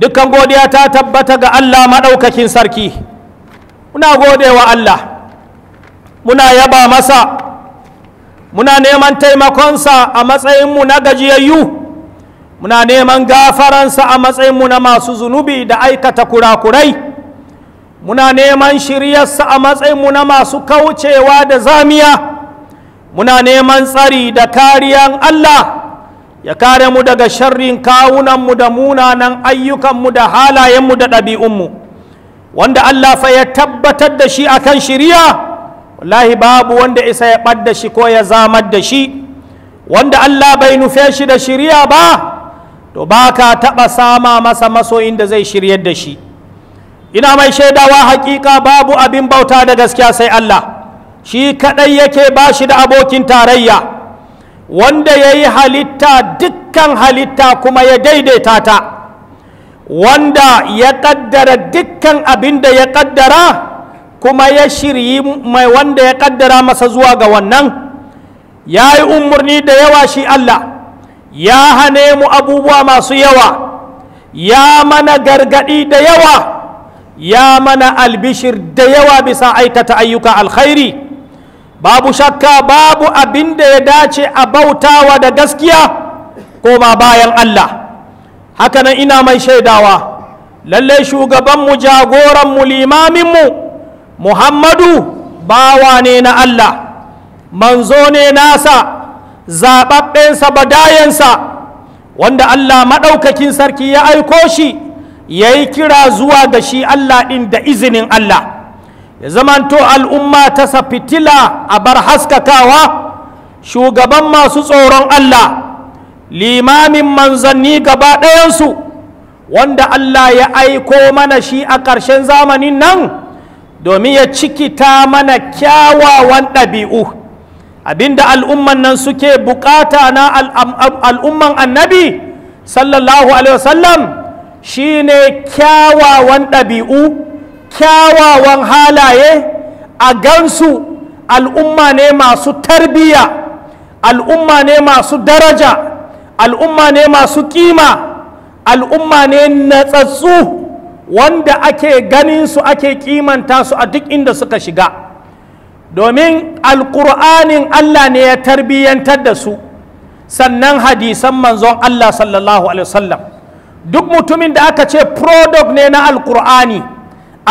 dukkan godiya ta tabbata ga Allah maɗaukakin sarki muna gode wa Allah muna yaba masa muna neman taimakonsa a matsayinmu na gajiyayyu muna neman gafaransa a matsayinmu na masu zunubi da aikata kurakurai muna neman shiryarsa a matsayinmu na masu kaucewa da zamiya muna neman tsari da kariyan Allah ya kare mu daga sharrin kawunanmu da munanan ayyukanmu da halayenmu da ɗabi'unmu wanda Allah fa ya tabbatar da shi akan shiriya wallahi babu wanda isa ya ɓadda shi ko ya zamar da shi wanda Allah bai nufe shi da shiriya ba to ba ka taɓa sama masa masoyin da zai shiryar da shi ina mai shaidawa hakika babu abin bauta da gaskiya sai Allah shi kaɗai yake ba shi da abokin tarayya wanda ya yi halitta dukkan halitta kuma ya daidaita ta wanda ya kaddara dukkan abin da ya kaddara kuma ya shiryi mai wanda ya kaddara masa zuwa ga wannan ya yi umarni da yawa shi Allah ya hane mu abubuwa masu yawa ya mana gargaɗi da yawa ya mana albishir da yawa bisa aikata ayyuka alkhairi babu shakka babu abin da ya dace a bautawa da gaskiya ko ba bayan Allah hakanan ina mai shaidawa lalle shugabanmu jagoranmu limaminmu muhammadu bawa ne na Allah manzo ne nasa zaɓaɓɓensa badayensa wanda Allah maɗaukakin sarki ya aiko shi ya yi kira zuwa ga shi Allah ɗin da izinin Allah ya zamanto al'umma ta fitila a bar haskakawa shugaban masu tsoron Allah limamin manzanni gaba ɗayansu wanda Allah ya aiko mana shi a ƙarshen zamanin nan domin ya cikita mana kyawawan ɗabi'u abinda al'umman nan suke bukata na al'umman annabi sallallahu alaihi wasallam shine kyawawan ɗabi'u kyawawan halaye a gansu al'umma ne masu tarbiya al'umma ne masu daraja al'umma ne masu kima al'umma ne natsatsu wanda ake ganin su ake kimanta su a duk inda suka shiga domin alƙur'anin allah ne ya tarbiyyantar da su sannan hadisan manzon allah sallallahu alaihi wasallam duk mutumin da aka ce product ne na alƙur'ani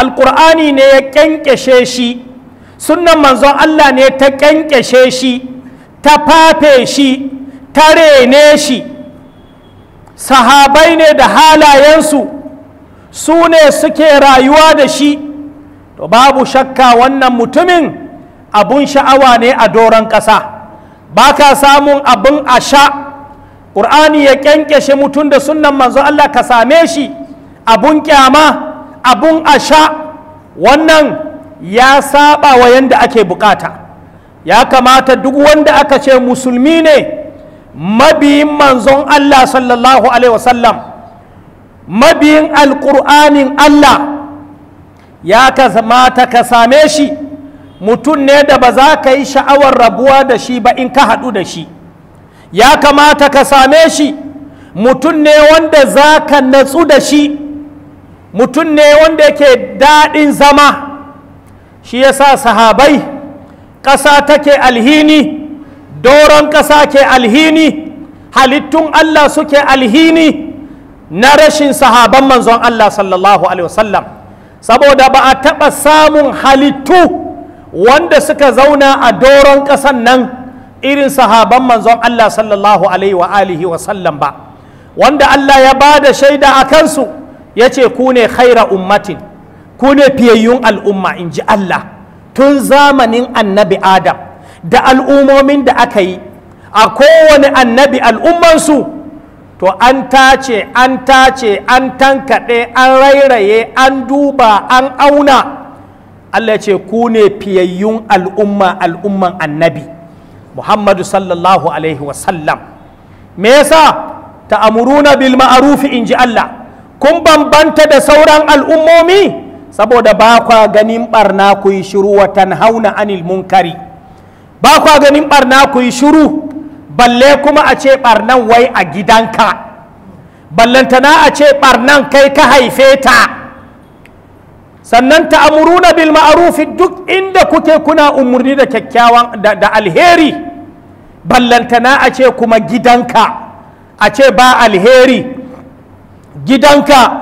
alkur'ani ne ya kyankyashe shi sunan manzon Allah ne ta kyankyashe shi ta fafe shi ta rene shi sahabai ne da halayensu su ne suke rayuwa da shi to babu shakka wannan mutumin abun sha'awa ne a doron ƙasa ba ka samun abun a sha ƙur'ani ya kyankyashe mutum da sunan manzon Allah ka same shi abun kyama abun a sha wannan ya saba wa yanda ake bukata ya kamata duk wanda aka ce musulmi ne mabiyin manzon Allah sallallahu alaihi wasallam mabiyin alƙur'anin Allah ya kamata ka same shi mutum ne da ba za ka yi sha'awar rabuwa da shi ba in ka haɗu da shi ya kamata ka same shi mutum ne wanda za ka natsu da shi mutum ne wanda yake daɗin zama shi yasa sahabai ƙasa take alhini doron ƙasa ke alhini halittun Allah suke alhini na rashin sahaban manzon Allah sallallahu alaihi wasallam saboda ba a taɓa samun halittu wanda suka zauna a doron ƙasan nan irin sahaban manzon Allah sallallahu alaihi wa alihi wasallam ba wanda Allah ya ba da shaida a kansu ya ce ku ne khaira ummatin ku ne fiyayyun al'umma in ji Allah tun zamanin annabi Adam da al'ummomin da aka yi a kowane annabi al'ummansu to an tace an tace an tankaɗe an rairaye an duba an auna Allah ce ku ne fiyayyun al'umma al'umman annabi Muhammadu sallallahu alaihi wasallam me yasa ta'amuruna bil ma'arufi in ji Allah kun bambanta da sauran al'ummomi saboda ba kwa ganin barna ku yi shiru watan hauna anil munkari ba kwa ganin barna ku yi shiru balle kuma a ce barnan wai a gidanka ballantana a ce barnan kai ka haife ta sannan ta'amuruna bil ma'arufi duk inda kuke kuna umarni da kyakkyawan da alheri ballantana a ce kuma gidanka a ce ba alheri gidanka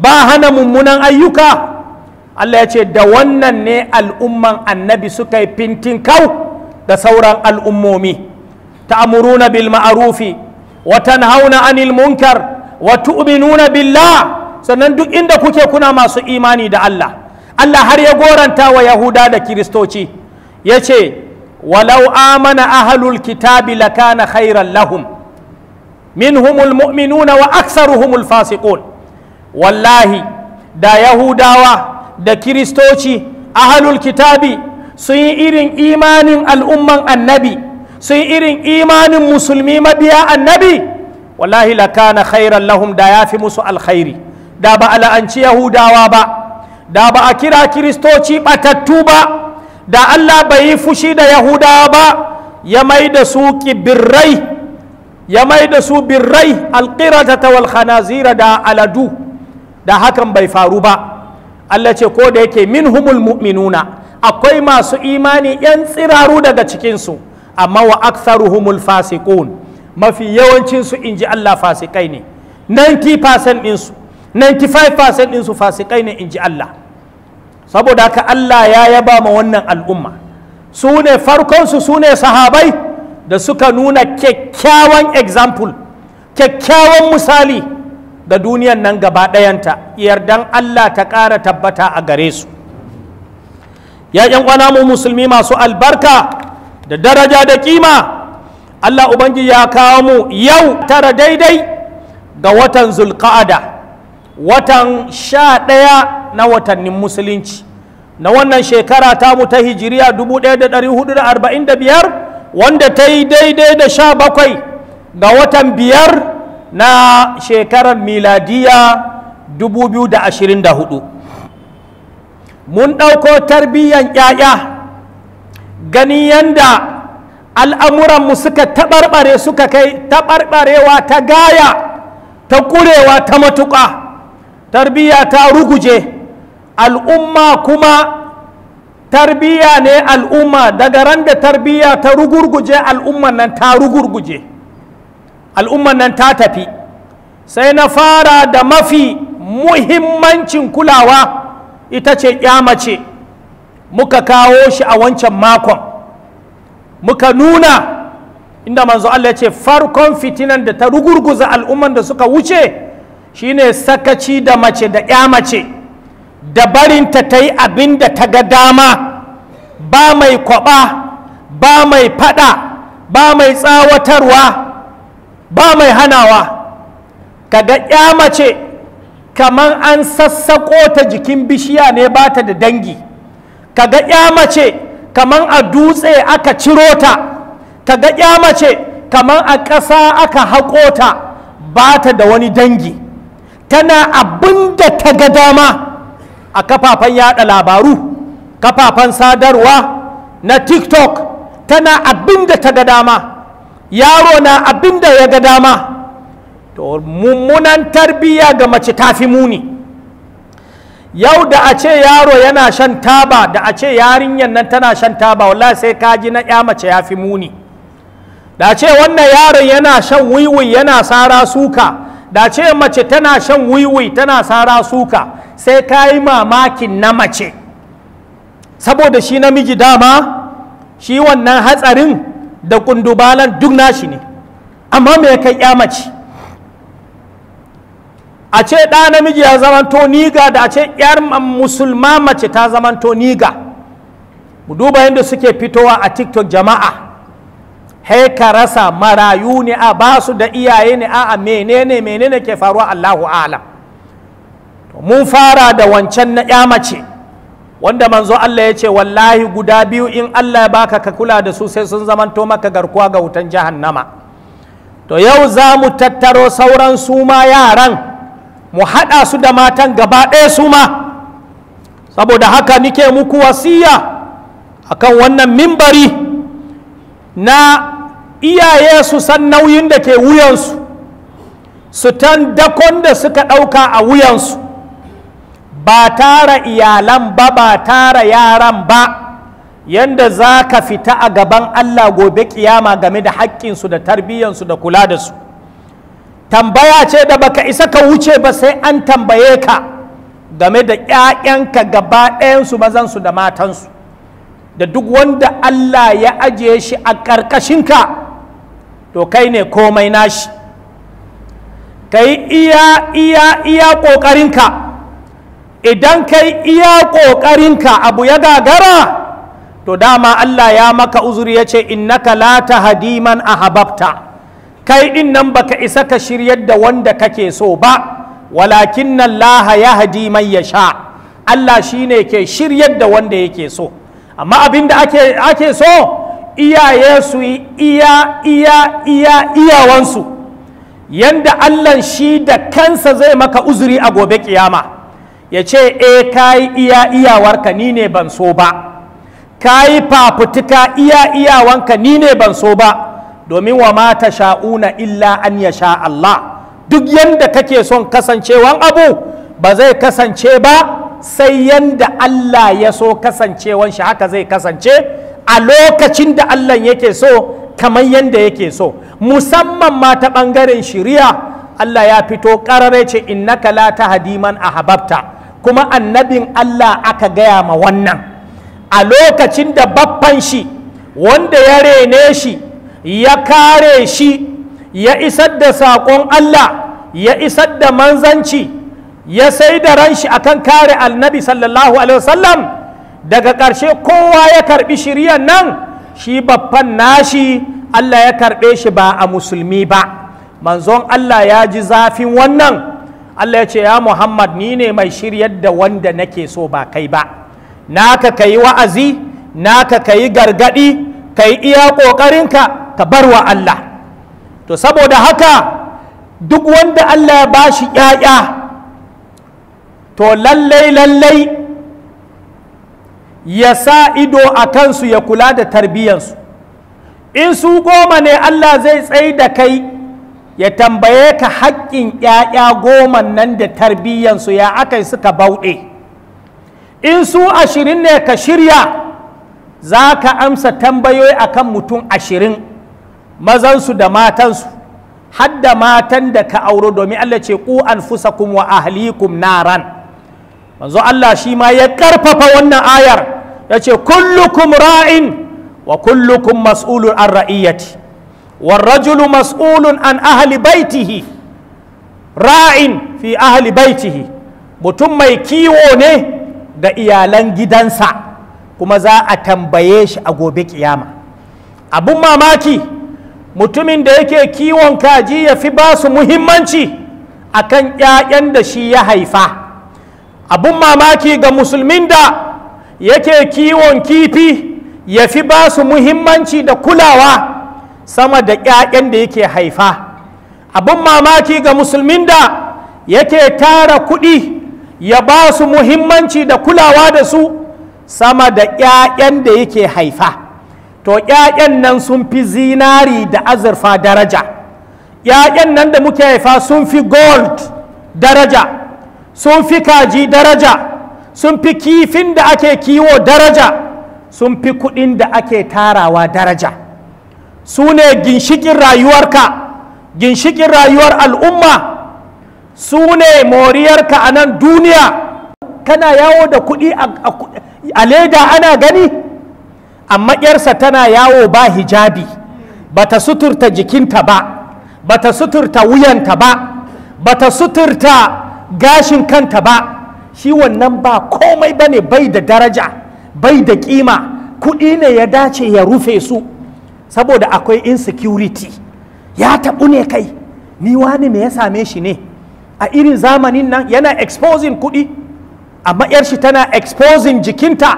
ba hana mummunan ayyuka Allah ya ce da wannan ne al'umman annabi suka yi fintin kau da sauran al'ummomi ta'muruna bil ma'arufi Watan hauna anil munkar wa tu'minuna billah sannan duk inda kuke kuna masu imani da Allah Allah har ya goranta wa Yahuda da Kiristoci ya ce walau amana ahlul kitabi lakana khairan lahum minhumul mu'minuna wa aksar humul fasiqun wallahi da yahudawa da kiristoci ahalul kitabi sun yi irin imanin al'umman annabi sun yi irin imanin musulmi mabiya annabi wallahi la kana khairan lahum da ya fi musu alkhairi da ba a la'anci yahudawa ba da ba a kira kiristoci batattu ba da allah bai yi fushi da yahudawa ba ya mai da su kibirrai ya mai da su birrai alƙiratata wal khanazira da aladu da hakan bai faru ba Allah ce ko da yake min humul mu'minuna akwai masu imani yan tsiraru daga cikinsu amma wa humul fasikun mafi yawancinsu in ji Allah fasikai ne 90% ɗinsu 95% ɗinsu fasikai ne in ji Allah saboda haka Allah ya yaba ma wannan al'umma su ne farkonsu su ne sahabai da suka nuna kyakkyawan example kyakkyawan misali ga duniyan nan gaba ɗayanta yardan Allah ta ƙara tabbata a gare su ya ƴan mu musulmi masu albarka da daraja da kima Allah Ubangiji ya kawo mu yau tara daidai ga watan zulka'ada watan sha ɗaya na watannin musulunci na wannan shekara ta mu ta hijiriya 1445 wanda ta yi daidai da sha bakwai ga watan biyar na shekarar miladiya 2024 mun ɗauko tarbiyyar 'ya'ya gani yanda al'amuranmu suka taɓarɓare suka kai taɓarɓarewa ta gaya ta ƙurewa ta matuƙa tarbiyya ta ruguje al'umma kuma tarbiya ne al'umma daga ran da tarbiya ta rugurguje al'umman nan ta rugurguje al'umman nan ta tafi sai na fara da mafi muhimmancin kulawa ita ce mace muka kawo shi a wancan makon muka nuna inda manzo Allah ya ce farkon fitinan da ta rugurguza al'umman da suka wuce shine sakaci da mace da mace. da barinta ta yi abin da ta ga dama ba mai kwaba ba mai fada ba mai tsawatarwa ba mai hanawa kaga ya mace kamar an sassaƙo ta jikin bishiya ne ba ta da dangi kaga ya mace kamar a dutse aka ciro ta kaga ya mace kamar a ƙasa aka haƙo ta ba ta da wani dangi tana abin da ta ga dama a kafafen yada labaru kafafen sadarwa na tiktok tana abin da ta ga dama yaro na abin da ya ga dama to mummunan tarbiyya ga mace ta fi muni yau da a ce yaro yana shan taba da a ce yarinyar nan tana shan taba wallahi sai kaji na ya mace ya fi muni da ce wannan yaron yana shan wiwi yana sara suka da ce mace tana shan wiwi tana sara suka sai ka yi mamakin na mace saboda shi namiji dama shi wannan hatsarin da kundubalan duk nashi ne amma me kai ya mace a ce ɗa namiji ya zamanto niga da a ce ‘yar musulma mace ta zamanto niga mu duba yadda suke fitowa a tiktok jama'a haika ka rasa marayu ne a basu da iyaye ne a menene menene ke faruwa allahu alam mun fara da wancan na ya mace wanda manzo Allah ya ce wallahi guda biyu in Allah ya baka ka kula da su sai sun zamanto maka garkuwa ga wutan jahannama to yau za mu tattaro sauran su ma yaran mu haɗa su da matan gaba ɗaya su ma saboda haka nike muku wasiya akan wannan mimbari na iyaye su san nauyin da ke wuyansu su tan dakon da suka ɗauka a wuyansu ba tara iyalan ba ba tara yaran ba yanda za ka fita a gaban Allah gobe kiyama game da haƙƙinsu da tarbiyyansu da kula da su tambaya ce da baka isa ka wuce ba sai an tambaye ka game da ‘ya'yanka gaba ɗayansu mazansu da matansu da duk wanda Allah ya ajiye shi a ƙarƙashinka to kai ne komai nashi ka yi iya iya iya ƙoƙarinka idan kai iya ƙoƙarinka abu ya gagara to dama Allah ya maka uzuri ya ce innaka la hadiman a hababta. kai din nan baka isa ka shiryar da wanda kake so ba walakin Laha ya hadiman ya sha. Allah shi ne ke shiryar da wanda yake so amma abin da ake ake so iyaye su yi iya iya iya iyawansu yanda Allah shi da kansa zai maka uzuri a gobe kiyama ya ce e ka yi iya iyawarka ni ne ban so ba ka yi fafutuka iya iyawanka ni ne ban so ba domin wa mata sha'una illa an ya sha Allah duk yadda kake son kasancewan abu ba zai kasance ba sai yadda Allah ya so kasancewan shi haka zai kasance a lokacin da Allah yake so kamar yadda yake so musamman ma ta ɓangaren shiriya Allah ya fito ƙararai ce innaka la hadiman a hababta. kuma annabin Allah aka gaya ma wannan a lokacin da baffan shi wanda ya rene shi ya kare shi ya isar da saƙon Allah ya isar da manzanci ya sai da ran shi akan kare annabi sallallahu alaihi wasallam daga ƙarshe kowa ya karbi shiryan nan shi baffan nashi Allah ya karɓe shi ba a musulmi ba manzon Allah ya ji zafin wannan Allah ya ce ya Muhammad ni ne mai shiryar da wanda nake so ba kai ba naka kai wa'azi naka kai gargadi kai iya kokarinka ka bar wa Allah to saboda haka duk wanda Allah ya bashi ƴaƴa to lallai lallai ya sa ido a kansu ya kula da tarbiyyansu in su goma ne Allah zai tsaye da kai ya tambaye ka haƙƙin ‘ya'ya goma nan da tarbiyyansu ya aka suka bauɗe in su ashirin ne ka shirya za ka amsa tambayoyi akan mutum ashirin mazansu da matansu hadda matan da ka auro domin Allah ce ku anfusakum wa ahlikum naran manzo Allah shi ma ya karfafa wannan ayar ya ce kullukum ra'in wa kullukum mas'ulun an ra'iyyaci. warrajulu mas'ulun an ahali baitihi ra'in fi ahali baitihi mutum mai kiwo ne ga iyalan gidansa kuma za a tambaye shi a gobe kiyama abun mamaki mutumin da yake kiwon kaji ya fi ba su muhimmanci a kan 'ya'yan da shi ya haifa abun mamaki ga musulmin da yake kiwon kifi ya fi ba su muhimmanci da kulawa sama da 'ya'yan da yake haifa abin mamaki ga musulmin da yake tara kuɗi ya ba su muhimmanci da kulawa da su sama da 'ya'yan da yake haifa to 'ya'yan nan sun fi zinari da azurfa daraja 'ya'yan nan da muke haifa sun fi gold daraja sun fi kaji daraja sun fi kifin da ake kiwo daraja sun fi kuɗin da ake tarawa daraja su ne ginshikin rayuwarka ginshikin rayuwar al'umma su ne moriyarka a nan duniya kana yawo da kuɗi a leda ana gani amma ƴarsa tana yawo ba hijabi bata suturta jikinta ba bata suturta wuyanta ba bata suturta gashin kanta ba shi wannan ba komai bane bai da daraja bai da kima kuɗi ne ya dace ya rufe su saboda akwai insecurity ya taɓu ne kai ni wani me ya same shi ne a irin zamanin nan yana exposing kuɗi amma yar shi tana exposing jikinta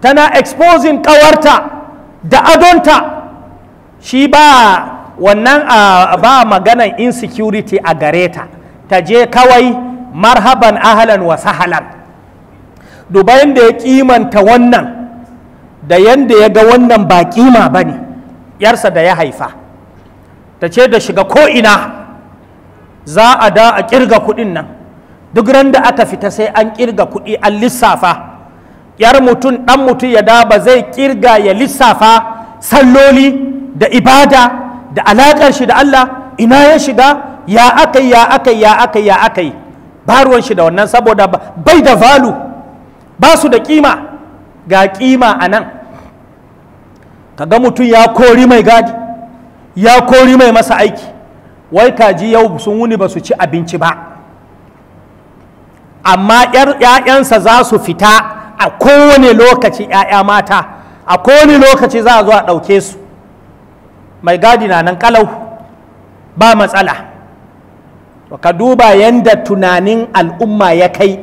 tana exposing ƙawarta da adonta shi ba wannan ba maganan insecurity a gare ta ta je kawai marhaban ahalan wa sahalan dubayin da ya kimanta wannan da yanda ya ga wannan ba kima ba ne yarsa da ya haifa ta ce da shiga ko'ina za a da a kirga kuɗin nan duk ran da aka fita sai an kirga kuɗi an lissafa yar mutum ɗan mutum ya da ba zai kirga ya lissafa salloli da ibada da alaƙar shi da Allah ina ya shiga ya aka ya aka ya aka ya aka ba ruwan shi da wannan saboda bai da valu ba su da kima ga kima a nan Ka ga mutum ya kori mai gadi ya kori mai masa aiki wai kaji yau sun wuni ba su ci abinci ba amma ‘ya'yansa za su fita a kowane lokaci ‘ya'ya mata a kowane lokaci za a zo a ɗauke su mai gadi na nan kalau ba matsala ka duba yadda tunanin al'umma ya kai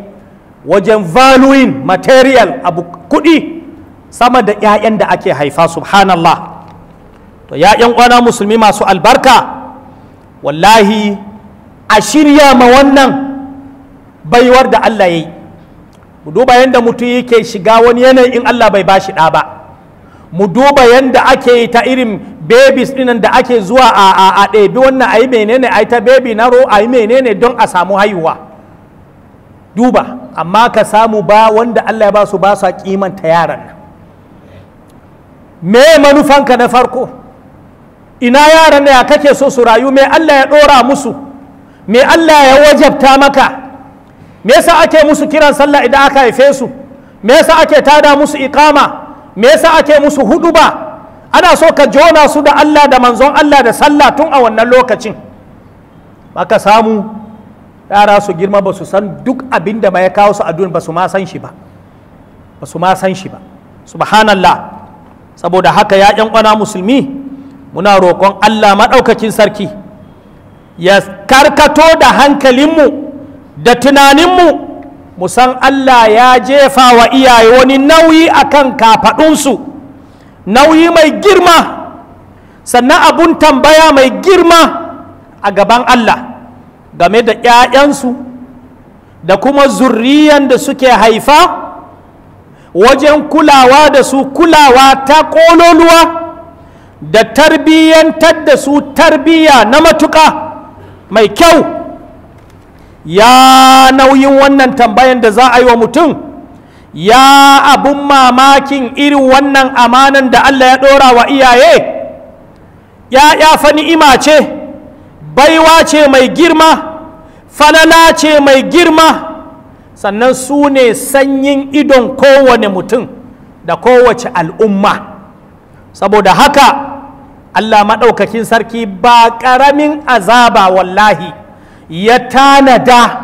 wajen valuin material abu kuɗi sama da 'ya'yan da ake haifa subhanallah to 'ya'yan kwana musulmi masu albarka wallahi a shirya ma wannan baiwar da Allah ya yi mu duba yadda mutum yake shiga wani yanayi in Allah bai bashi shi ba mu duba yadda ake yi ta irin babies dinan da ake zuwa a ɗabi wannan a yi menene a yi ta baby na ro a yi menene don a samu haihuwa duba amma ka samu ba wanda Allah ya ba su ba kimanta yaran nan me manufanka na farko ina yaran da ya kake so su rayu me Allah ya ɗora musu me Allah ya wajabta maka me yasa ake musu kiran sallah idan aka haife su me yasa ake tada musu ikama me yasa ake musu huduba ana so ka jona su da Allah da manzon Allah da sallah tun a wannan lokacin baka samu yara su girma ba su san duk abin da ya kawo su a duniya ba su ma san shi ba ba su ma san shi ba subhanallah saboda haka ya ƴan kwana musulmi muna roƙon Allah maɗaukacin sarki ya karkato da hankalinmu da tunaninmu mu san Allah ya jefa wa iyaye wani nauyi akan kafaɗunsu nauyi mai girma sannan abun tambaya mai girma a gaban Allah game da ‘ya'yansu da kuma zurriyan da suke haifa wajen kulawa da su kulawa ta ƙololuwa da tarbiyyantar da su tarbiyya na matuƙa mai kyau ya nauyin wannan tambayan da za a yi wa mutum ya abun mamakin irin wannan amanan da Allah ya ɗora wa iyaye ya ya fa ni'ima ce baiwa ce mai girma falala ce mai girma sannan su ne sanyin idon kowane mutum da kowace al'umma saboda haka Allah maɗaukakin sarki ba ƙaramin azaba wallahi ya tanada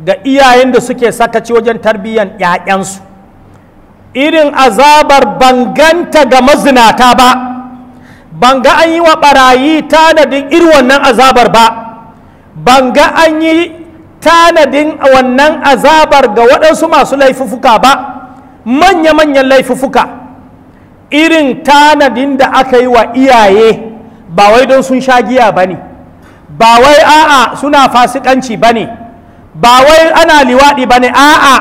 ga iyayen da suke sakaci wajen tarbiyyar ‘ya'yansu irin azabar banganta ga mazinata ba banga an yi wa ɓarayi tanadin irin wannan azabar ba banga an yi tanadin wannan azabar ga waɗansu masu laifufuka ba manya-manyan laifufuka irin tanadin da aka yi wa iyaye ba wai don sun sha giya ba ne ba wai a'a suna fasikanci ba ne ba wai ana liwaɗi ba ne a'a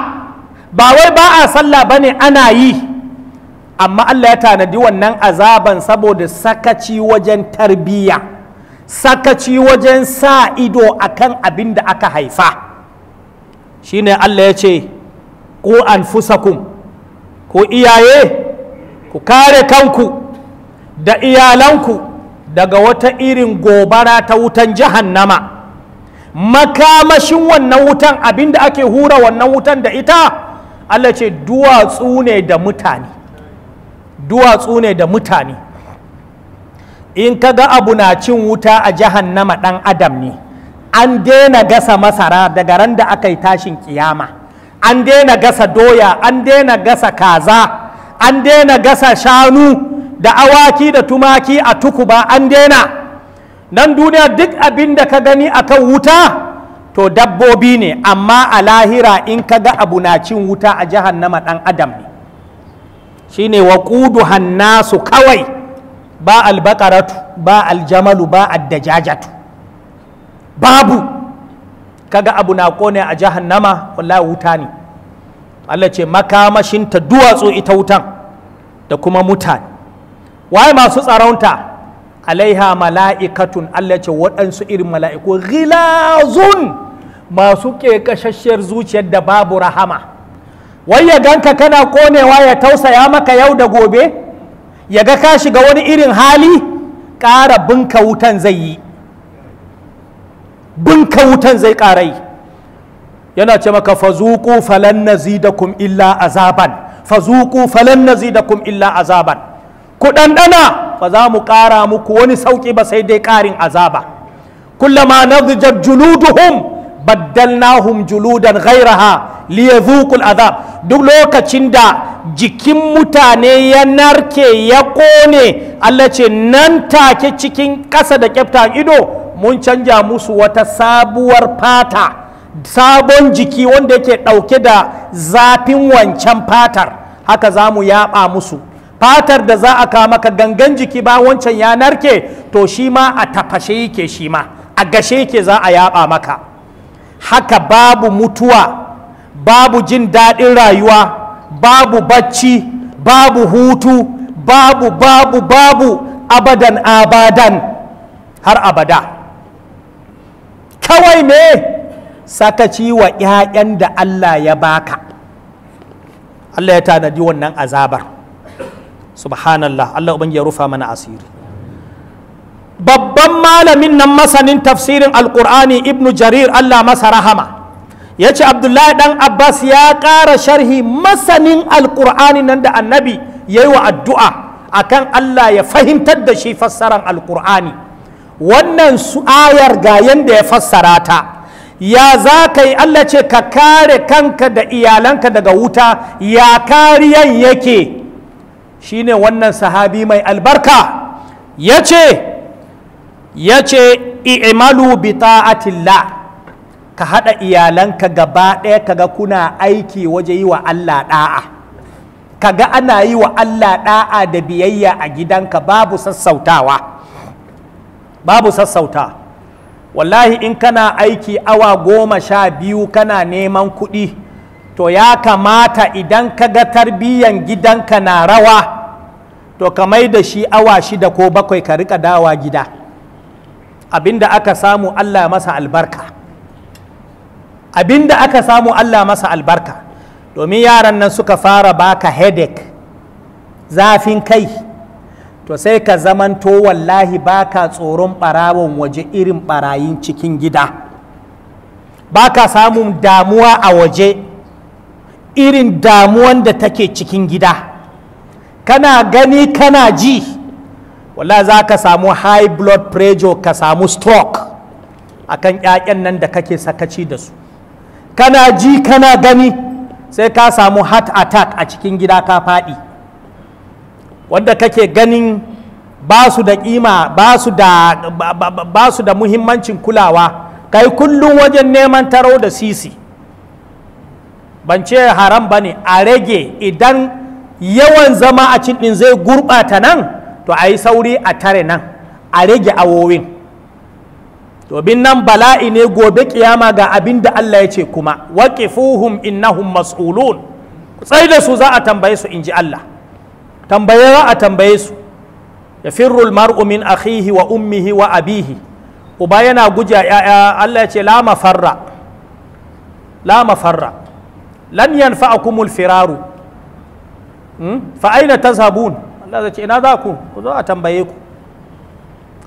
ba wai ba a sallah ba ne ana yi amma Allah ya tanadi wannan azaban saboda sakaci wajen tarbiyya sakaci wajen sa ido a kan abin da aka haifa Shi ne Allah ya ce an anfusakum ku iyaye ku kare kanku da iyalanku daga wata irin gobara ta wutan jahannama makamashin wannan wutan abin da ake hura wannan wutan da ita Allah ce duwatsu ne da mutane duwatsu ne da mutane in ka ga abu na cin wuta a jahannama ɗan adam ne an daina gasa masara daga ran da aka yi tashin kiyama an daina gasa doya an daina gasa kaza an daina gasa shanu da awaki da tumaki a tukuba an daina nan duniya duk abin da ka gani akan wuta to dabbobi ne amma a lahira in ka ga abu na cin wuta a jahannama ɗan adam ne shine wa ƙudu hannasu kawai ba albakaratu ba aljamalu ba addajajatu babu kaga abu na kone a jahannama wallahi wuta ne Allah ce makamashinta duwatsu ita wutan da kuma mutane waye masu tsaronta alaiha mala'ikatun Allah ce waɗansu irin mala'iku ghilazun masu ƙeƙashasshiyar zuciyar da babu rahama wai ya ganka kana konewa ya tausaya maka yau da gobe ya ga ka shiga wani irin hali ƙara binka wutan zai yi binka wutan zai ƙara yi yana ce maka fazuku falan nazidakum illa azaban fazuku falan nazidakum illa azaban ku ɗanɗana ba za mu ƙara muku wani sauƙi ba sai dai ƙarin azaba kullama nadjat juluduhum baddalnahum juludan ghairaha liyadhuqul azab duk lokacin da jikin mutane ya narke ya kone Allah ce nan take cikin ƙasa da kyaftan ido mun canja musu wata sabuwar fata sabon jiki wanda yake ɗauke da zafin wancan fatar haka za mu yaɓa musu fatar da za a kawo maka gangan jiki ba wancan ya narke to shi ma a tafashe yake shi ma a gashe yake za a yaɓa maka haka babu mutuwa babu jin daɗin rayuwa babu bacci babu hutu babu babu babu abadan abadan har abada kawai me sakaci wa 'ya'yan da Allah ya baka Allah ya tanadi wannan azabar subhanallah Allah ubangi ya rufa mana asiri babban malamin nan masanin tafsirin alkur'ani ibnu jarir allah masa rahama ya ce abdullahi dan abbas ya ƙara sharhi masanin alkur'ani nan da annabi ya yi wa addu'a akan allah ya fahimtar da shi fassaran alkur'ani wannan su ayar ga yadda ya fassara ta ya za ka yi Allah ce ka kare kanka da iyalanka daga wuta ya kariyan yake shine wannan sahabi mai albarka ya ce ya ce i'malu bi ta'atillah ka haɗa iyalanka gaba ɗaya kaga kuna aiki waje yi wa Allah ɗa'a kaga ana yi wa Allah ɗa'a da biyayya a gidanka babu sassautawa babu sassauta wallahi in kana aiki awa goma sha biyu kana neman kuɗi to ya kamata idan kaga tarbiyyan gidanka na rawa to ka mai da shi awa shida ko bakwai ka rika dawa gida abinda aka samu Allah masa albarka abinda aka samu Allah masa albarka domin yaran nan suka fara baka headache zafin kai to sai ka zamanto wallahi baka tsoron barawon waje irin barayin cikin gida baka samun damuwa a waje irin damuwan da take cikin gida kana gani kana ji walla za ka samu high blood pressure ka samu stroke akan ƴaƴan nan da kake sakaci da su kana ji kana gani sai ka samu heart attack a cikin gida ka faɗi wanda kake ganin ba su da ƙima ba su da muhimmancin kulawa kai kullum wajen neman taro da sisi ban ce haram ba ne a rage idan yawan zama a cin ɗin zai gurɓata nan to a yi sauri a tare nan a rage awowin domin nan bala'i ne gobe kiyama ga abin da Allah ya ce kuma waqifuhum innahum mas'ulun tsai da su za a tambaye su inji Allah tambaye a tambaye su yafirru almar'u min akhihi wa ummihi wa abihi uba yana guje ya'ya Allah ya ce la mafarra la mafarra lan yanfa'akumul firaru hmm? fa aina tazhabun Allah zai ce ina za ku ku zo a tambaye ku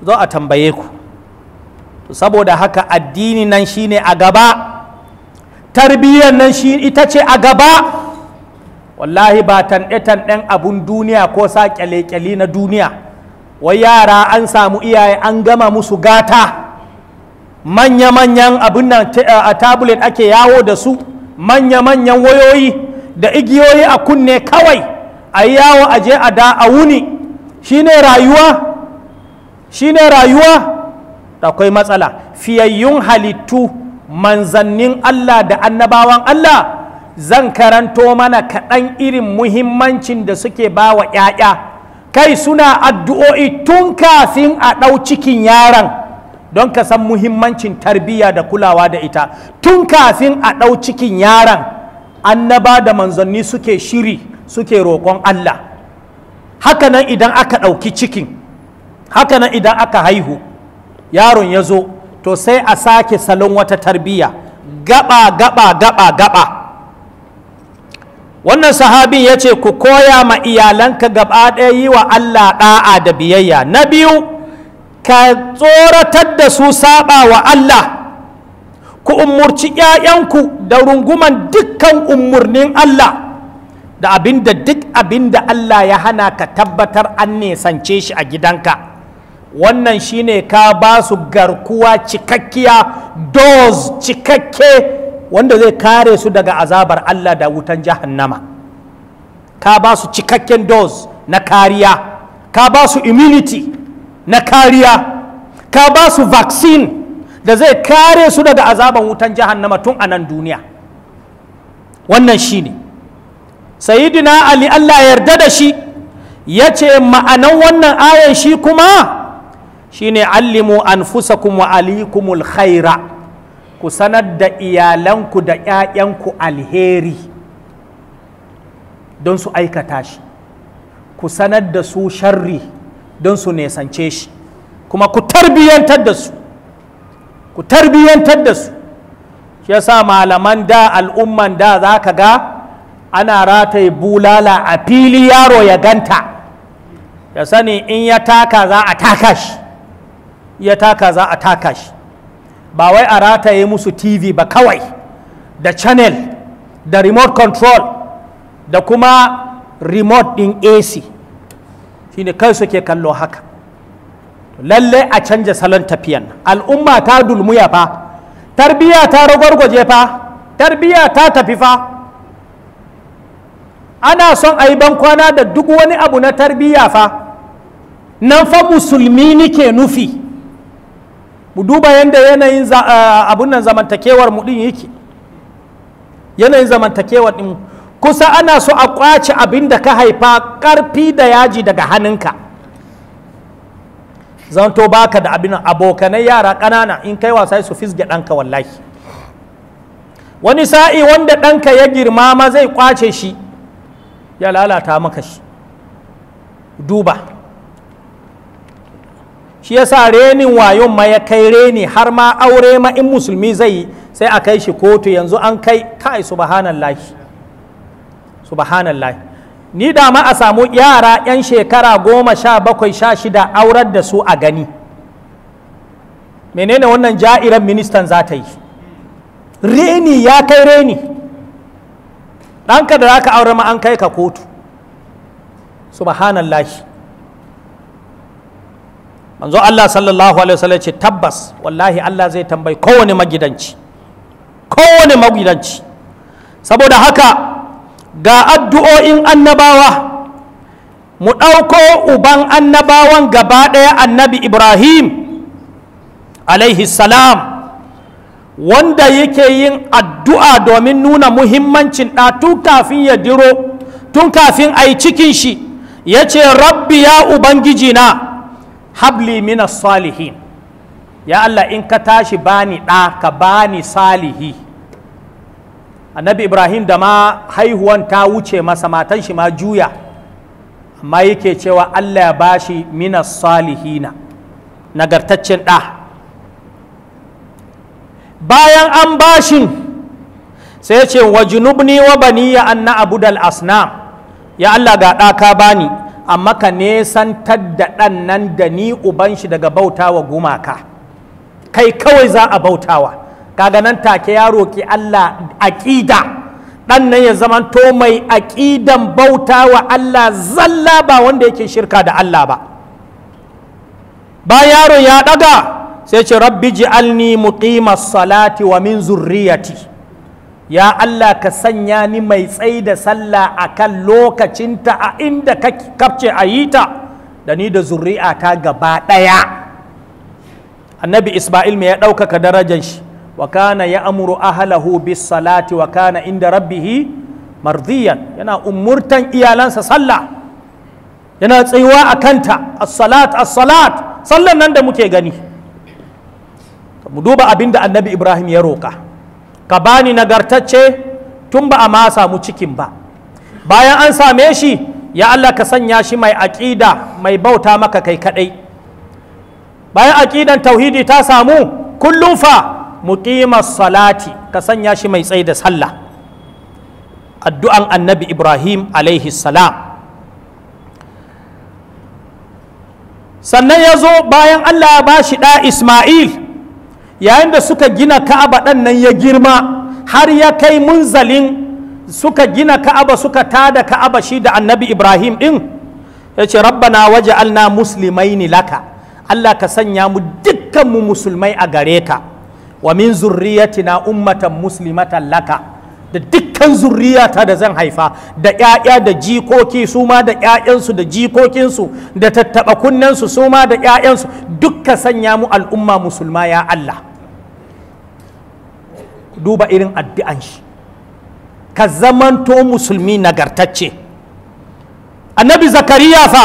zo a tambaye ku saboda haka addini nan shine a gaba tarbiyyar nan shi ita ce a gaba wallahi ba tanɗe-tanɗen abun duniya ko sa kyale-kyale na duniya wai yara an samu iyaye an gama musu gata manya-manyan abin nan a tablet ake yawo da su manya-manyan wayoyi da igiyoyi a kunne kawai a yi yawo a je a da a wuni shi ne rayuwa shi ne rayuwa akwai matsala fiyayyun halittu manzannin Allah da annabawan Allah zan karanto mana kaɗan irin muhimmancin da suke ba wa ‘ya'ya kai suna addu'o'i tun kafin a ɗau cikin yaron don ka san muhimmancin tarbiyya da kulawa da ita tun kafin a ɗau cikin yaron annaba da manzanni suke shiri suke roƙon Allah hakanan idan aka ɗauki cikin hakanan idan aka haihu yaron ya zo to sai a sake salon wata tarbiyya gaba gaba gaba gaba wannan sahabin ya ce ku koya ma iyalanka gaba ɗaya yi wa Allah ɗa'a da biyayya na biyu ka tsoratar da su saba wa Allah ku umurci ‘ya'yanku da runguman dukkan umurnin Allah da abin da duk abin da Allah ya hana ka tabbatar an nesance shi a gidanka wannan shine ka ba su garkuwa cikakkiya doze, cikakke wanda zai kare su daga azabar Allah da wutan jahannama ka ba su cikakken doze na kariya ka ba su immunity na kariya ka ba su vaccine da zai kare su daga azabar wutan jahannama tun a nan duniya wannan shine ne sayidina ali allah yarda da shi ya ce ma'anan wannan ayan shi kuma shine allimu anfusakum wa alikumul khaira ku sanar da iyalanku da 'ya'yanku alheri don su aikata shi ku sanar da su sharri don su nesance shi kuma ku tarbiyyantar da su ku tarbiyyantar da su shi yasa malaman da al'umman da za ka ga ana rataye bulala a fili yaro ya ganta ya sani in ya taka za a taka shi ya taka za a taka shi ba wai a rataye musu tv ba kawai da channel da remote control da kuma remote din ac shi ne kai suke kallo haka lalle a canja salon tafiyan al'umma ta dulmuya fa tarbiya ta ragwargwaje fa tarbiya ta tafi fa ana son a yi bankwana da duk wani abu na tarbiyya fa nan fa musulmi ke nufi mu duba yadda yanayin eh, abun zamantakewar mu din yake yanayin zamantakewar din kusa ana so a kwace abin da ka haifa karfi da yaji daga hannunka zanto baka da abin abokanai yara ƙanana in kai wasa su fisge ɗanka wallahi wani sa'i wanda ɗanka ya girma ma zai kwace shi ya lalata maka shi duba shi ya sa renin wayon ma ya kai reni har ma aure ma in musulmi zai yi sai a kai shi kotu yanzu an kai kai subhanallah subhanallahi ni da ma a samu yara 'yan shekara goma sha bakwai sha shida aurar da su a gani menene wannan ja'iran ministan za ta yi reni ya kai reni ɗanka da zaka aure ma an kai ka kotu subhanallahi manzo Allah sallallahu alaihi wasallam ce tabbas wallahi Allah zai tambayi kowane magidanci kowane magidanci saboda haka ga addu'o'in annabawa mu ɗauko uban annabawan gaba ɗaya annabi ibrahim alaihi salam wanda yake yin addu'a domin nuna muhimmancin ɗa tun kafin ya diro tun kafin a yi cikin shi ya ce rabbi ya ubangiji na habli mina salihin ya Allah in ka tashi bani ɗa ka bani salihi annabi ibrahim da ma haihuwan ta wuce masa matan shi ma juya amma yake cewa Allah ya bashi mina salihina nagartaccen ɗa bayan an bashin sai ce wa junubni wa baniya an na abudal asnam ya Allah ga ɗaka bani amma ka nesantar da ɗan nan da ni uban shi daga bautawa gumaka kai kawai za a bautawa kaga nan take ya roƙi Allah aƙida ɗan nan ya zamanto mai aƙidan bauta wa Allah zalla ba wanda yake shirka da Allah ba ba yaro ya ɗaga sai ce rabbi ji'alni muqimas salati wa min zurriyati ya Allah ka sanya ni mai tsayi da sallah akan lokacinta a inda ka kafce a yi ta da ni da zuri'a ta gaba ɗaya annabi isma'il mai ya ɗaukaka darajar shi wa kana ya amuru ahalahu bis salati wa kana inda rabbihi mardiyan yana umurtan iyalansa sallah yana tsayuwa a kanta as-salat as-salat sallan nan da muke gani mu duba abin da annabi ibrahim ya roƙa ka bani nagartacce tun ba a ma samu cikin ba bayan an same shi ya allah ka sanya shi mai aƙida mai bauta maka kai kaɗai bayan aƙidan tauhidi ta samu kullum fa muqimar salati ka sanya shi mai tsaye da sallah addu'an annabi ibrahim alaihi salam sannan ya zo bayan Allah ya ba shi ɗa Ismail yayin da suka gina ka'aba ɗan nan ya girma har ya kai munzalin suka gina ka'aba suka tada ka'aba shi da annabi ibrahim ɗin ya ce rabbana waje alna musulmai ni laka allah ka sanya mu dukkanmu musulmai a gare ka wa min zurriyatina ummatan muslimatan laka da dukkan zurriyata da zan haifa da ƴaƴa da jikoki su ma da ƴaƴansu da jikokinsu da tattaɓa kunnensu su ma da ƴaƴansu dukka sanya mu al'umma musulma ya Allah duba irin addu'an shi ka zamanto musulmi nagartacce annabi zakariya fa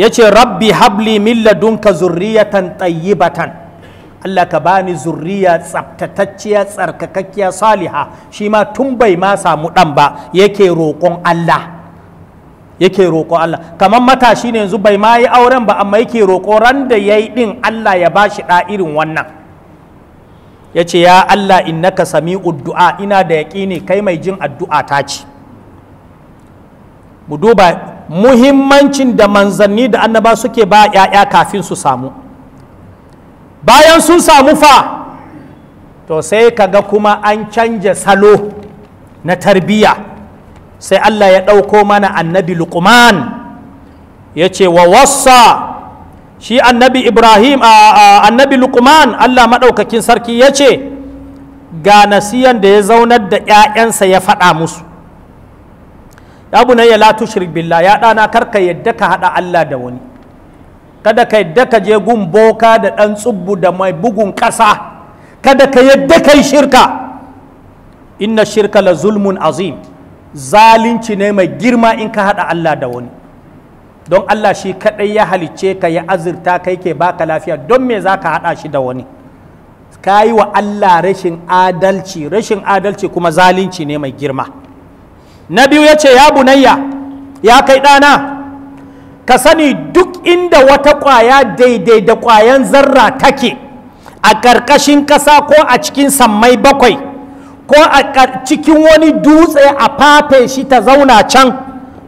yace rabbi habli min ladunka zurriyatan tayyibatan Allah ka bani zurriya tsaftatacciya tsarkakakkiya saliha shi ma tun bai ma samu ɗan ba yake roƙon Allah yake roƙo Allah kamar matashi ne yanzu bai ma yi auren ba amma yake roƙo ran da ya yi ɗin Allah ya bashi shi irin wannan ya ce ya Allah innaka sami du'a ina da ne kai mai jin addu'a ta ce mu duba muhimmancin da manzanni da annaba suke ba ‘ya'ya kafin su samu bayan sun samu fa to sai kaga kuma an canja salo na tarbiyya sai Allah ya ɗauko mana annabi luqman ya ce wa wassa shi annabi ibrahim annabi luqman Allah maɗaukakin sarki ya ce ga nasiyan da ya zaunar da 'ya'yansa ya faɗa musu ya bunayya la tushrik billah ya ɗana karka yadda ka haɗa Allah da wani kada ka yadda ka je gun boka da ɗan tsubbu da mai bugun ƙasa kada ka yadda ka yi shirka inna shirka la zulmun azim zalunci ne mai girma in ka haɗa Allah da wani don Allah shi kaɗai ya halicce ka ya azurta kai ke baka lafiya don me za ka haɗa shi da wani ka yi wa Allah rashin adalci rashin adalci kuma zalunci ne mai girma na biyu ya ce ya bunayya ya kai ɗana ka sani duk inda wata kwaya daidai da kwayan zarra take a ƙarƙashin ƙasa ko a cikin sammai bakwai ko a cikin wani dutse a fafe shi ta zauna can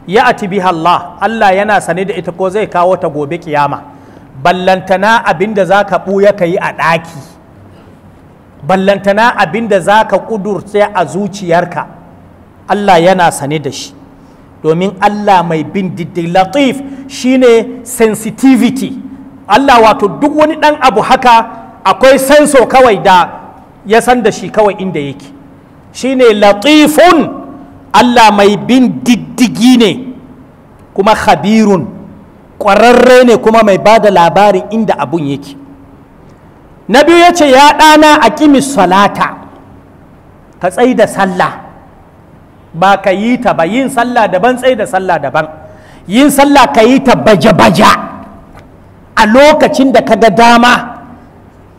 ya atibi Allah Allah yana sane da ita ko zai kawo ta gobe kiyama ballantana abinda za ka ɓuya ka yi a ɗaki ballantana abinda za ka ƙudurce a zuciyarka Allah yana sane da shi domin Allah mai bin diddi latif shine sensitivity Allah wato duk wani ɗan abu haka akwai senso kawai da ya san da shi kawai inda yake shine latifun Allah mai bin diddigi ne kuma khabirun ƙwararre ne kuma mai ba da labarin inda abun yake na biyu ya ce ya ɗana a salata ka tsayi da sallah ba ka yi ta ba yin sallah daban tsaye da sallah daban yin sallah ka yi ta baje-baje a lokacin da ka ga dama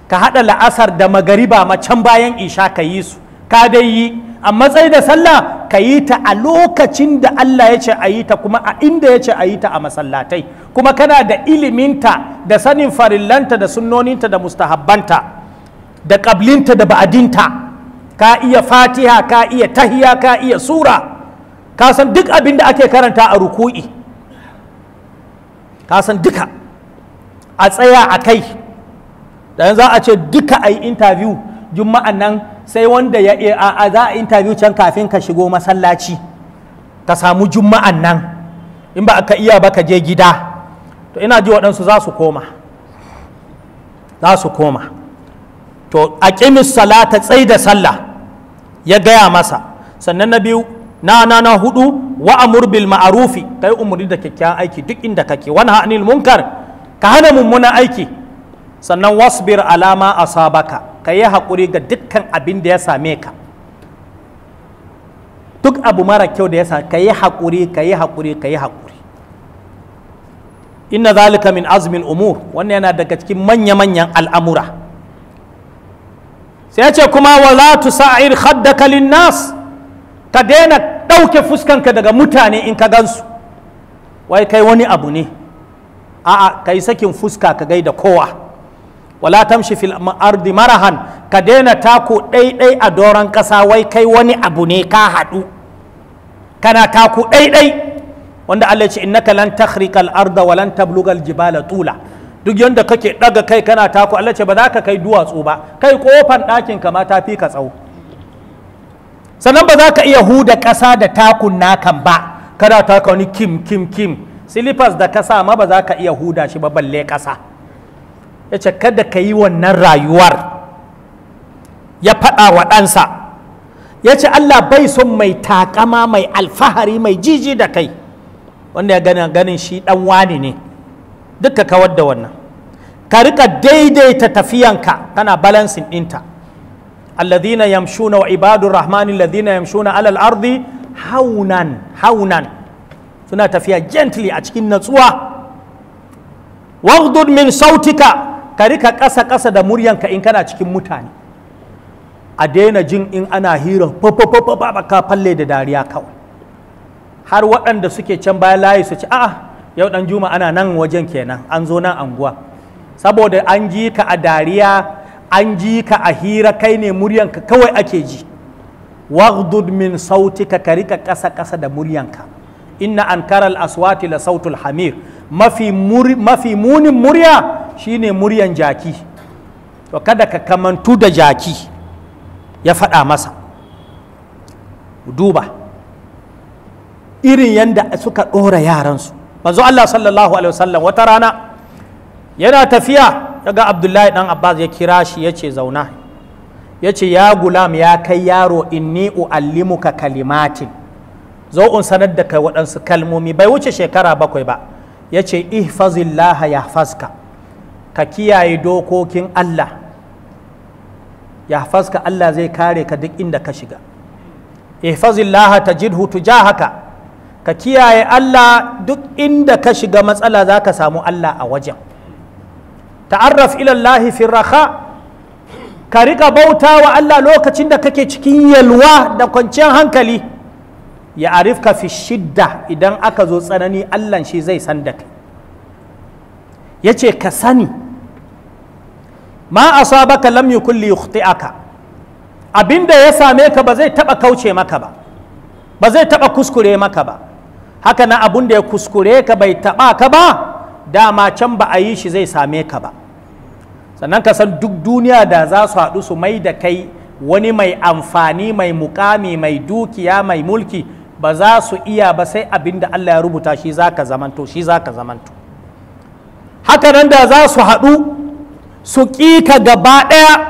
ka haɗa la'asar da magariba macen bayan isha ka yi su ka dai yi a matsayi da sallah ka yi ta a lokacin da Allah ya ce a yi ta kuma a inda ya ce a yi ta a masallatai kuma kana da iliminta da sanin farillanta da sunnoninta da mustahabbanta da ƙablinta da ba'adinta ka iya fatiha ka iya tahiya ka iya sura ka san duk abin da ake karanta a ruku'i ka san duka a tsaya a kai da za a ce duka a yi interview juma'an nan sai wanda ya a za a interview can kafin ka shigo masallaci ka samu juma'an nan in ba ka iya ba ka je gida to ina ji waɗansu za su koma za su koma to a salata tsai da sallah ya gaya masa sannan na biyu na na na hudu wa amur bil ma'arufi kai umarni da kyakkyawan aiki duk inda kake wani ha'anil munkar ka hana mummunan aiki sannan wasbir alama asabaka ka yi haƙuri ga dukkan abin da ya same ka duk abu mara kyau da ya same ka yi haƙuri ka yi haƙuri ka yi haƙuri inna zalika min azumin umur wannan yana daga cikin manya-manyan al'amura sai ce kuma wala tusa'ir khaddaka linnas ka daina ɗauke fuskanka daga mutane in ka gansu wai kai wani abu ne a'a kai sakin fuska ka gaida kowa wala tamshi fil ardi marahan ka daina tako ɗaiɗai a doron ƙasa wai kai wani abu ne ka haɗu kana tako ɗaiɗai wanda Allah ce innaka lan takhriqa al arda wa lan tabluga al jibala tula duk yadda kake ɗaga kai kana taku Allah ce ba za ka kai duwatsu ba kai kofan ɗakin ka ma ta fi ka tsawo sannan ba za ka iya huda ƙasa da takun nakan ba kana taka wani kim kim kim silifas da kasa ma ba za ka iya huda shi ba balle ƙasa ya ce kada ka yi wannan rayuwar ya faɗa wa ɗansa ya ce Allah bai son mai takama mai alfahari mai jiji da kai wanda ya ganin shi ɗan wani ne Dukka ka kawar da wannan ka rika daidaita tafiyanka kana balansin ɗinta alladhina yamshuna wa ibadur rahmani alladhina yamshuna alal ardi haunan haunan suna tafiya gently a cikin natsuwa waghdud min sautika ka rika ƙasa ƙasa da muryanka in kana cikin mutane a daina jin in ana hirar fafafafa ka falle da dariya kawai har waɗanda suke can baya, layi su ci a'a yau dan juma ana nan wajen kenan an zo nan anguwa saboda an ji ka a dariya an ji ka a hira kai ne muryanka kawai ake ji waghdud min sauti ka rika kasa kasa da muryanka inna ankara al-aswati la sautul hamir mafi munin murya shine muryan jaki to kada ka kamantu da jaki ya faɗa masa duba irin yadda suka ɗora yaransu manzo Allah sallallahu alaihi wasallam wata rana yana tafiya daga Abdullahi dan Abbas ya kira shi yace zauna yace ya gulam ya kai yaro inni uallimuka kalimatin zo in sanar da kai waɗansu kalmomi bai wuce shekara bakwai ba yace ihfazillah yahfazka ka kiyaye dokokin Allah ya yahfazka Allah zai kare ka duk inda ka shiga ihfazillah tajidhu tujahaka ka kiyaye Allah duk inda ka shiga matsala za ka samu Allah a wajen ta'arraf ilallahi fi ka rika bauta wa Allah lokacin da kake cikin yalwa da kwanciyar hankali ya arifka fi shidda idan aka zo tsanani Allah shi zai san da kai ya ce ka sani ma asabaka lam yukun yukhti'aka abinda ya same ka ba zai taba kauce maka ba ba zai taɓa kuskure maka ba haka na abun da ya kuskure ka bai taɓa ka ba dama can ba a yi shi zai same ka ba sannan ka san duk duniya da za su haɗu su mai da kai wani mai amfani mai mukami mai dukiya mai mulki ba za su iya ba sai abin da Allah ya rubuta shi za ka zamanto shi za ka zamanto haka nan da za su haɗu su ƙi ka gaba ɗaya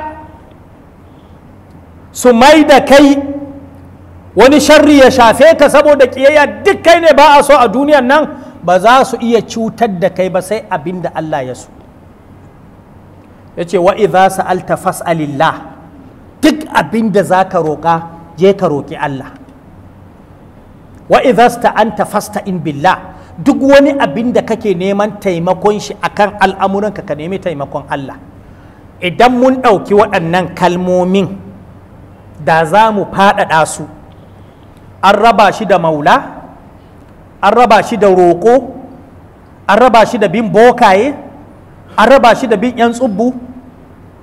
su mai da kai wani sharri ya shafe ka saboda kiyayya duk kai ne ba a so a duniyan nan ba za su iya cutar da kai ba sai abin da Allah ya so ya ce su alta fas'alillah duk abin da za ka roƙa je ka roƙi Allah ta’anta fasta in billah duk wani abin da kake neman taimakon shi akan al'amuranka ka nemi taimakon Allah idan mun ɗauki waɗannan kalmomin da za mu faɗaɗa su an raba shi da maula an raba shi da roƙo an raba shi da bin bokaye an raba shi da bin 'yan tsubbu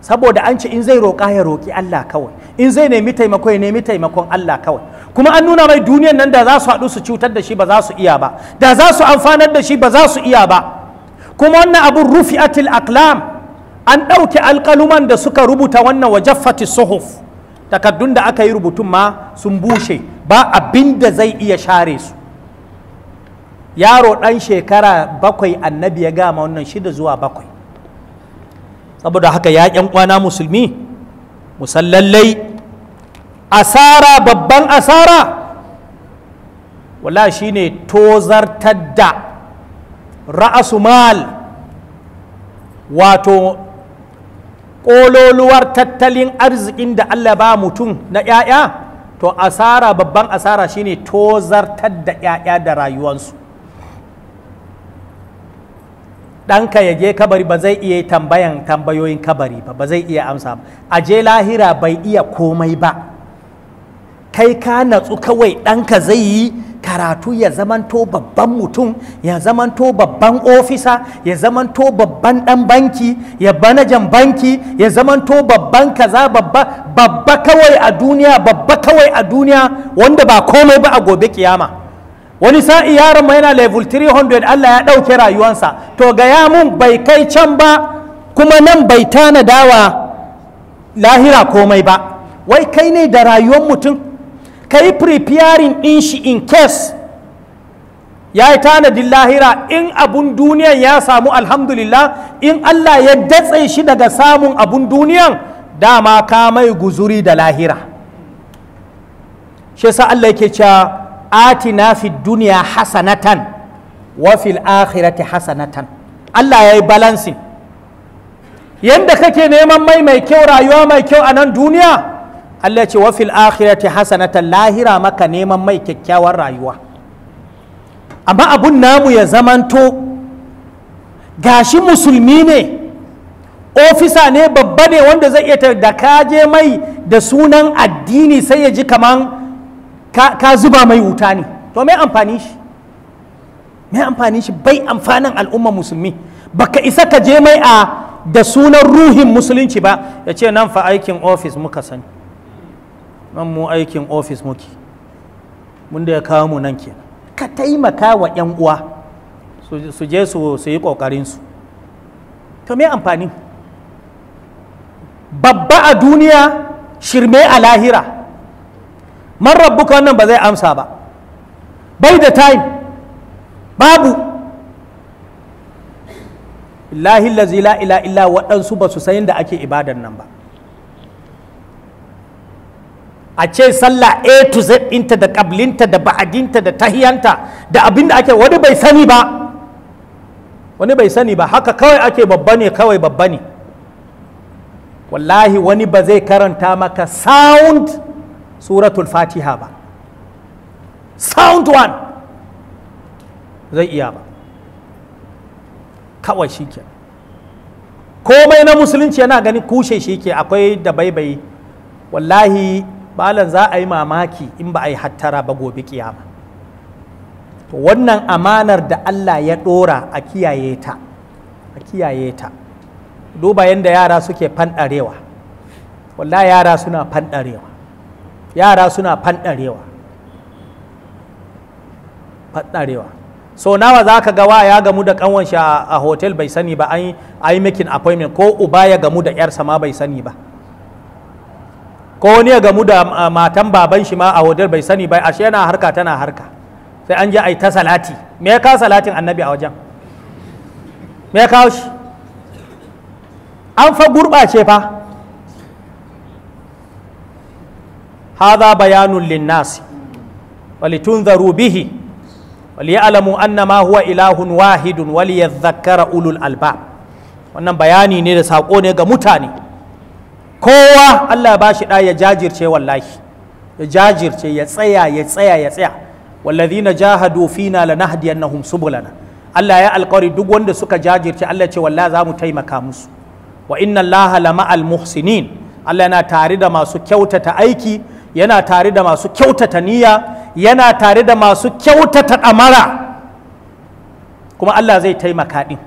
saboda an ce in zai roƙa ya roƙi Allah kawai in zai nemi taimako ya nemi taimakon Allah kawai kuma an nuna mai duniyan nan da za su haɗu su cutar da shi ba za su iya ba da za su amfanar da shi ba za su iya ba kuma wannan abun rufi atil aklam an ɗauke alƙaluman da suka rubuta wannan fati suhuf takardun da aka yi rubutun ma sun bushe ba abinda zai iya share su yaro ɗan shekara bakwai annabi ya gama wannan shida zuwa bakwai saboda haka ya ƴan kwana musulmi musallallai asara babban asara wala shine tozartar da ra'asu mal wato ƙololuwar tattalin arzikin da allah ba mutum na 'ya'ya to asara babban asara shine tozartar da 'ya'ya da rayuwansu ɗanka ya je kabari ba zai iya tambayan tambayoyin kabari ba ba zai iya amsa ba a je lahira bai iya komai ba kai ka natsu kawai ɗanka zai yi karatu ya zamanto babban mutum ya zamanto babban ofisa ya zamanto babban dan banki ya banajan banki ya zamanto babban kaza babba babba kawai a duniya babba kawai a duniya wanda ba komai ba a gobe kiyama wani sa'i yaron mai yana level 300 Allah ya ɗauke rayuwansa to ga ya mun bai kai can ba kuma nan bai tana dawa lahira komai ba wai kai ne da rayuwar mutum ka yi preparing ɗin shi in case ya yi tanadin lahira in abun duniyan ya samu alhamdulillah in Allah ya datse shi daga samun abun duniyan dama ka mai guzuri da lahira shi sa Allah yake cewa atina fi duniya hasanatan wa fil akhirati hasanatan Allah ya yi balancing yadda kake neman mai mai kyau rayuwa mai kyau a nan duniya Allah ce wa fil akhirati hasanatan lahira maka neman mai kyakkyawar rayuwa amma abun namu ya zamanto gashi musulmi ne ofisa ne babba ne wanda zai iya da kaje mai da sunan addini sai ya ji kaman ka, zuba mai wuta ne to mai amfani shi mai amfani shi bai amfanin al'umma musulmi baka isa ka je mai a da sunan ruhin musulunci ba ya ce nan fa aikin ofis muka sani nan mu aikin ofis muke mun da ya kawo mu nan ke ka taimaka wa 'yan uwa su je su yi su. to me amfani babba a duniya shirme a lahira man rabbuka wannan ba zai amsa ba bai da time babu lahi la ila illa waɗansu ba su sayin da ake ibadan nan ba a ce sallah a to z ɗinta da ƙablinta da ba'adinta da tahiyanta da abin da ake wani bai sani ba wani bai sani ba haka kawai ake babba ne kawai babba ne wallahi wani ba zai karanta maka sound suratul fatiha ba sound one zai iya ba kawai shi ke komai na musulunci yana gani kushe shi ke akwai da baibayi wallahi balan za a yi mamaki in ba a yi hattara ba gobe kiyama to wannan amanar da Allah ya dora a kiyaye ta a kiyaye ta duba yadda yara suke fanɗarewa wallahi yara suna fanɗarewa yara suna fanɗarewa fanɗarewa so nawa za ka gawa ya gamu da kanwanshi a hotel bai sani ba an yi making appointment ko uba ya gamu da yarsa ma bai sani ba ko wani ya gamu da ah, matan baban shi ma a hodar bai sani bai ashe yana harka tana harka sai an je a yi ta salati me ya kawo salatin annabi a wajen me ya kawo shi an fa gurɓace fa hadha bayanun linnasi walitunzaru bihi وليعلموا أن ما هو إله واحد وليذكر أولو الألباب wannan bayani ne da saƙo ne ga mutane kowa Allah ba shi ɗaya ya jajirce wallahi ya jajirce ya tsaya ya tsaya ya tsaya na wallazina jahadu fina lanahdiyannahum subulana Allah ya alƙawari duk wanda suka jajirce Allah ce wallahi za mu taimaka musu wa inna Allah lama al muhsinin Allah yana tare da masu kyautata aiki yana tare da masu kyautata niyya yana tare da masu kyautata ɗamara kuma Allah zai taimaka ɗin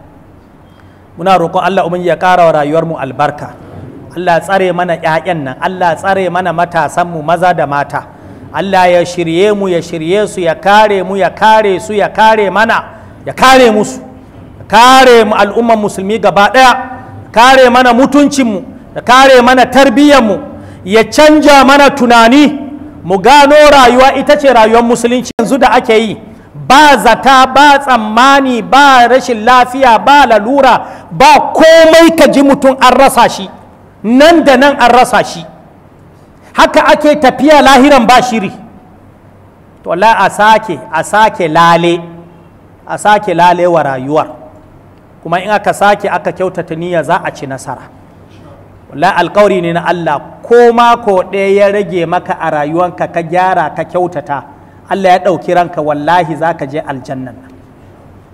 muna roƙon Allah umin ya ƙara wa rayuwarmu albarka Allah tsare mana yayan nan Allah tsare mana matasanmu maza da mata Allah ya shirye mu ya shirye su ya kare mu ya kare su ya kare mana ya kare musu ya kare mu al'umman musulmi gaba ɗaya kare mana mutuncinmu ya kare mana tarbiyyarmu ya canja mana tunani mu gano rayuwa ita ce rayuwar musulunci yanzu da ake yi ba zata ba tsammani ba rashin lafiya ba lalura ba komai ka ji mutum an rasa shi nan da nan an rasa shi haka ake tafiya lahiran ba shiri to la a sake a sake lale a sake lale wa rayuwar kuma in aka sake aka kyautata niyya za a ci nasara la alkawari ne na Allah ko mako ɗaya ya rage maka a rayuwanka ka gyara ka kyautata Allah ya ɗauki ranka wallahi za ka je aljannan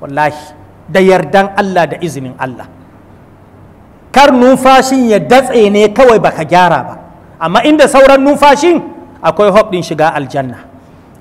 wallahi da yardan Allah da izinin Allah kar numfashin ya datse ne kawai baka gyara ba amma inda sauran numfashin akwai hop din shiga aljanna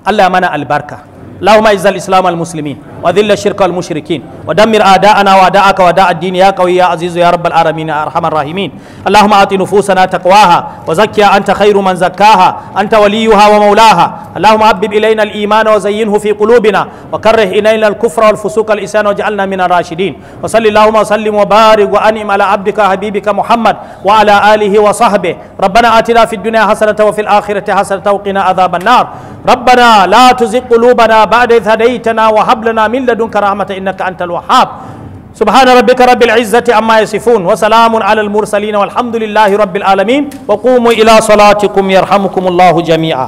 Allah mana albarka اللهم اعز الاسلام المسلمين وذل الشرك المشركين ودمر اعداءنا واعداءك واعداء الدين يا قوي يا عزيز يا رب العالمين يا ارحم الراحمين اللهم اعط نفوسنا تقواها وزكها انت خير من زكاها انت وليها ومولاها اللهم حبب الينا الايمان وزينه في قلوبنا وكره الينا الكفر والفسوق والعصيان واجعلنا من الراشدين وصل اللهم وسلم وبارك وانعم على عبدك حبيبك محمد وعلى اله وصحبه ربنا اتنا في الدنيا حسنه وفي الاخره حسنه وقنا عذاب النار ربنا لا تزغ قلوبنا بعد إذ هديتنا وهب لنا من لدنك رحمة إنك أنت الوهاب سبحان ربك رب العزة عما يصفون وسلام على المرسلين والحمد لله رب العالمين وقوموا إلى صلاتكم يرحمكم الله جميعا